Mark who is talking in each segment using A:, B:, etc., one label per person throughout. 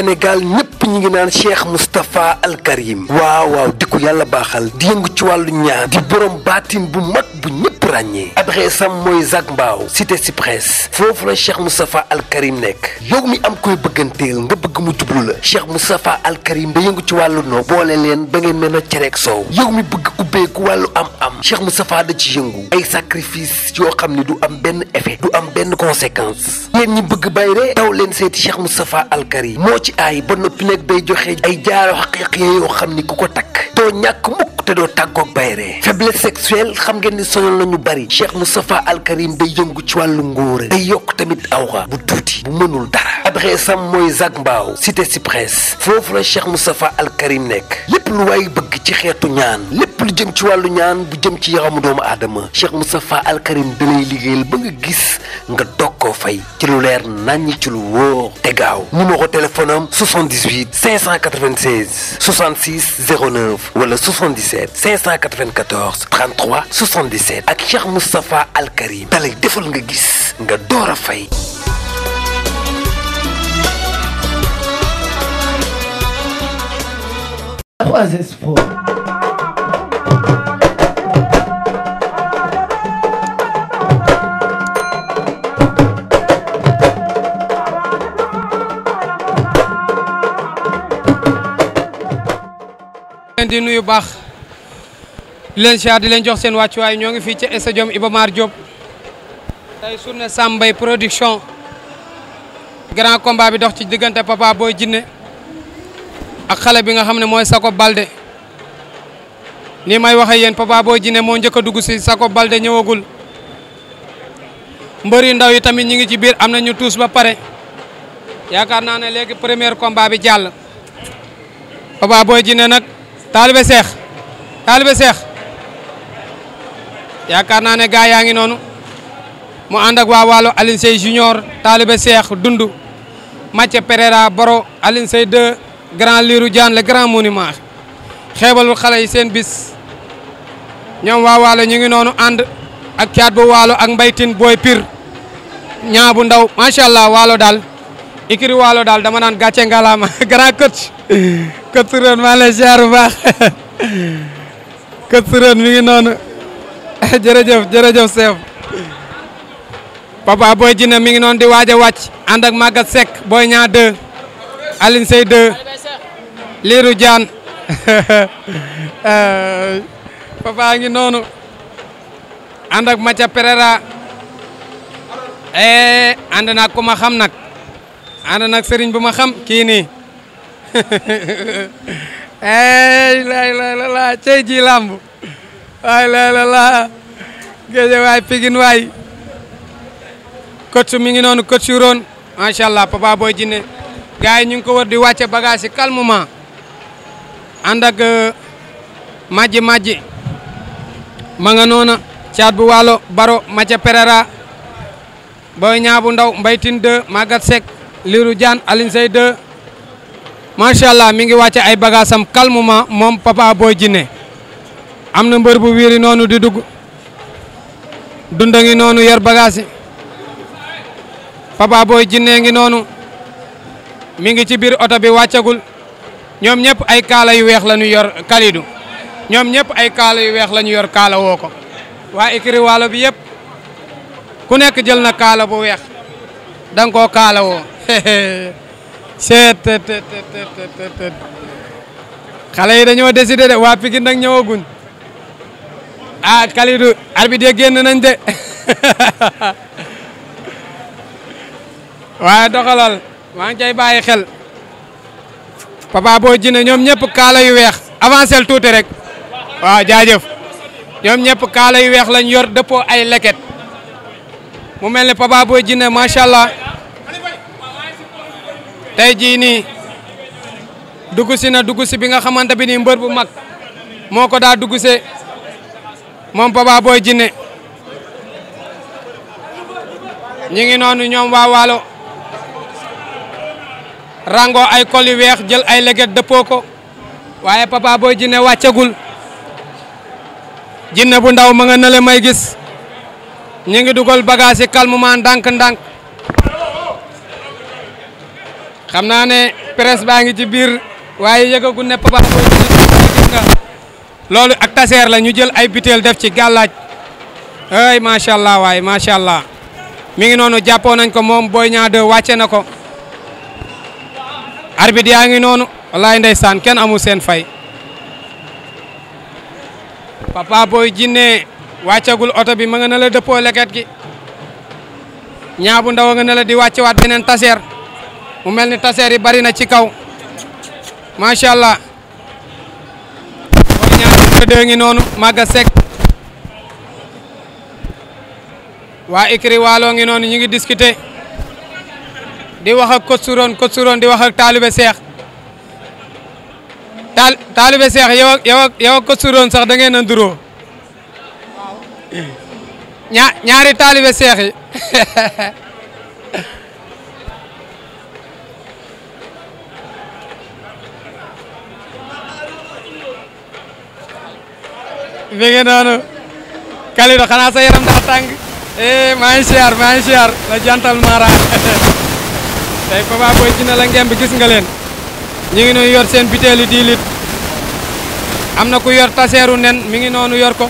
A: Sénégal ñëpp ñi ngi naan Cheikh Moustapha Al waaw waaw di ko yàlla baaxal di yëngu ci wàllu ñaan di borom baatin bu mag bu ñëpp ràññee adresse am mooy Zac Mbao cité Cyprès foofu la Cheikh Moustapha Al Karim nekk yow mi am koy bëgganteel nga bëgg mu jublu la Cheikh Moustapha Al Karim da yëngu ci wàllu noo boole leen ba ngeen mën a cereek soow yow mi bëgg ubbeeku wàllu am-am Cheikh Moustapha da ci yëngu ay sacrifice yoo xam ni du am benn effet du am benn conséquence yéen ñi bëgg bay bayre taw leen seeti Cheikh Moustapha Al Karim moo ci aay ba noppi nag bay joxe ay jaaro xaqiiq yoo xam ni ku ko takk te doo tàggoog bayre faiblesse sexuelle xam ngeen ni sonal nañu bari Cheikh Moustapha Alkarim day yëngu ci wàllu nguur day yokk tamit awra bu tuuti bu mënul dara adresse am mooy Zac Mbao site Cyprès foofu la Cheikh Moustapha Alkarim nekk lépp lu waay bëgg ci xeetu ñaan lépp lu jëm ci wàllu ñaan bu jëm ci yaramu doomu aadama Cheikh Moustapha Alkarim dalay liggéeyal ba nga gis nga dog koo fay ci lu leer naññ ci lu wóor te gaaw numéro téléphone am 78 596 66 09 wala 77 594 33 77 ak Cheikh Moustapha Al Karim dalay defal nga gis nga door a fay.
B: leen yu baax di leen siyaar di leen jox seen wàccuwaay ñoo ngi fii ci stadium Iba Mar Diop tey surne Sam Mbaye production grand combat bi dox ci diggante Papa Boy jinne ak xale bi nga xam ne mooy Sako Balde ni may waxee yéen Papa Boy Djiné moo njëkk a dugg si Sako Balde ñëwagul mbër yu ndaw yi tamit ñi ngi ci biir am na ñu tuus ba pare yaakaar naa ne léegi premier combat bi jàll Papa Boy Djiné nag taalibe seex taalibe seex yaakaar naa ne gaa yaa ngi noonu mu ànd ak waa Waalo Alioune Seye junior taalibe seex dund Mathieu Pereira Boro Alioune Seye 2 grand Lirou Diane le grand monument xeebalul xale yi seen bis ñoom waa Waalo ñu ngi noonu ànd ak caat bu Waalo ak mbaytin booy pir ñaa bu ndaw macha allah Waalo daal ikiri Waalo daal dama naan gàcce ngalaama grand coach kër Turon maa ngi lay ziar mi ngi noonu jërëjëf jërëjëf chef papa booy jina mi ngi noonu di waaj a wàcc ànd ak Maguette sek booy ñaa 2 Aline Sey 2 Lirou Diane euh, ngi noonu ànd ak Mathia Pereira eh ànd naa ku ma xam nag ànd nag sëriñ bu ma xam kii nii. eey laay laay la laa cey ji làmb waay laay la laa waay pigin waay coach mi ngi noonu coach Roon macha allah papa booy jinne gars yi ñu ngi ko di wàcce bagage yi calmement ànd ak euh, majji majji ma caat bu waalo baro maca perera booy ñaabu ndaw mbaytin 2 magat sek liru diane alin sey macha allah mi ngi wàcce ay bagaasam calmement moom Papa Boy Djiné am na mbër bu wiiri noonu di dugg dunda ngi noonu yer bagaas yi Papa Boy Djiné ngi noonu mi ngi ci biir oto bi wàccagul ñoom ñëpp ay kaala yu weex lañu yor Kalidou ñoom ñëpp ay kaala yu weex lañu yor kaala woo ko waa écri waalo bi yëpp ku nekk jël na kaala bu weex danga kaala woo seet seet seet xale yi dañoo décidé de waa Pikine nag ñëwaguñ ah Kalidou arbitre ya génn nañ de waaye doxalal maa ngi cay bàyyi xel Papa Boy Djiné ñoom ñëpp kaala yu weex avancel tuuti rek waaw jaajëf ñoom ñëpp kaala yu weex lañ yor dëppoo ay leket mu mel ne Papa Boy Djiné tey jiini nii si na dugg bi nga xamante bi ni mbër bu mag moo ko daa dugg see moom Papa Boy Djiné ñi ngi noonu ñoom waa Waalo rango ay col yu weex jël ay leget dëppoo ko waaye Papa Boy Djiné wàccagul Djiné bu ndaw ma nga nële may gis ñi ngi dugal bagage yi calmement ndànk-ndànk xam naa ne presse baa ngi ci biir waaye yëgagu ne Papa Boy gis nga loolu ak taseer la ñu jël ay butéel def ci gàllaaj ay macha allah waaye macha allah mi ngi noonu jàppoo nañ ko moom booy Niang 2 wàcce na ko arbitre yaa ngi noonu wallaay ndeysaan kenn amul seen fay Papa Boy jinne wàccagul oto bi ma nga na la dëppoo leket gi bu ndaw nga na la di wàcce waat beneen taseer mu mel ni taseer yi bari na ci kaw macha allah booy ñaar numéro ngi noonu Maga sek waa Ikri Waalo ngi noonu ñu ngi discuter di wax ak Côte Suron Côte Suron di wax ak Taalibe Seex taal Taalibe Seex yow ak yow yow ak Suron sax da ngeen a ñaari Taalibe Seex mi ngi noonu xanaa sa yaram daa tàng eh, maa ngi siyaar la jantal mara tey Papa Boy Djiné la ngemb gis nga leen ñu ngi noonu yor seen butéeli 10 am na ku yor taseeru nen mi ngi noonu yor ko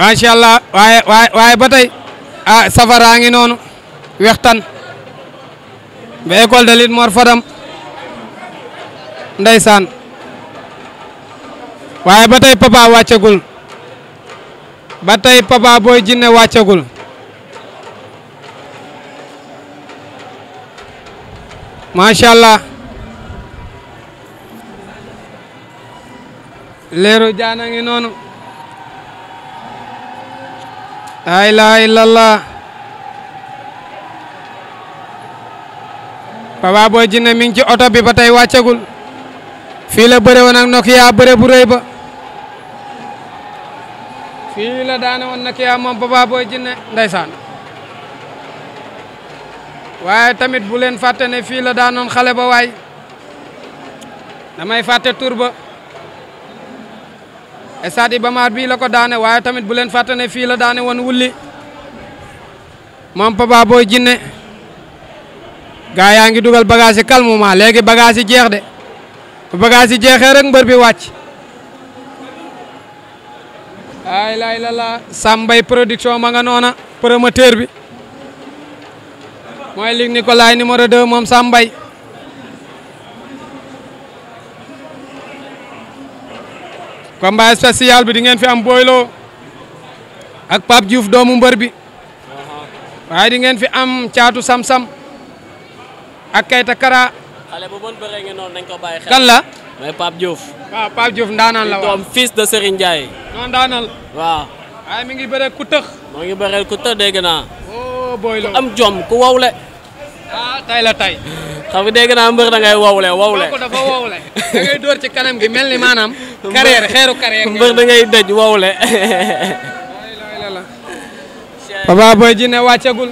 B: macha allah waaye waaye waaye ba tey ah safaraa ngi noonu wextan ba école de lutte Fadam ndeysaan waaye ba tey papa wàccagul ba tey papa booy jinne wàccagul macha allah leeru jaana ngi noonu. la ilaha illallah Papa Boy Djiné oto bi ba tey wàccagul fii la bëre woon ak bëre bu rëy ba fii daane woon Nokia moom Papa Boy Djiné ndeysaan waaye tamit bu leen fàtte fii la daanoon xale ba waay damay fàtte tur ba stade Iba Mar bii la ko daane waaye tamit bu leen fàtte fii la daane woon wulli moom Papa Boy gaa yaa ngi dugal bagage yi calmement léegi bagage yi jeex de bagage yi jeexee rek mbër bi wàcc. ay laay la la Sambay production ma nga noona promoteur bi mooy Luc Nicolaï numéro 2 moom Sambay. combat spécial bi di ngeen fi am Boylo ak Pape Diouf doomu mbër bi waaye fi am caatu sam-sam ak Kayta Kara. xale bu bon bëree ngi noonu nañ ko bàyyi xel. kan la. mooy Pape Diouf. waaw Pape Diouf la waaw doom de Serigne Ndiaye. non ndaanaan. waaw. waaye mi ngi bëree ku tëx. moo ngi bëree ku tëx dégg naa. Oh, booy la ku am jom ku wowle. Ah, tay la tay xam nga dégg naa mbër da ngay wowle wowle. kooku ci kanam gi mel ni maanaam. carrière xeeru carrière mbër da dëj wowle. Papa Boy Djiné wàccagul.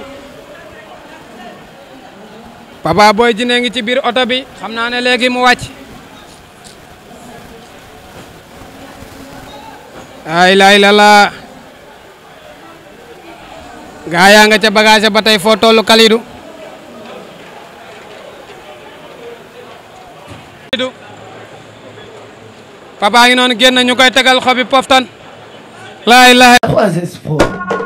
B: Papa Boy Djiné ngi ci biir oto bi xam naa ne léegi mu wàcc ay laay lala gaa yaa nga ca bagage ba tey foo tollu Kalidou papa ngi noonu génn ñu koy tegal xobi poftan laay laay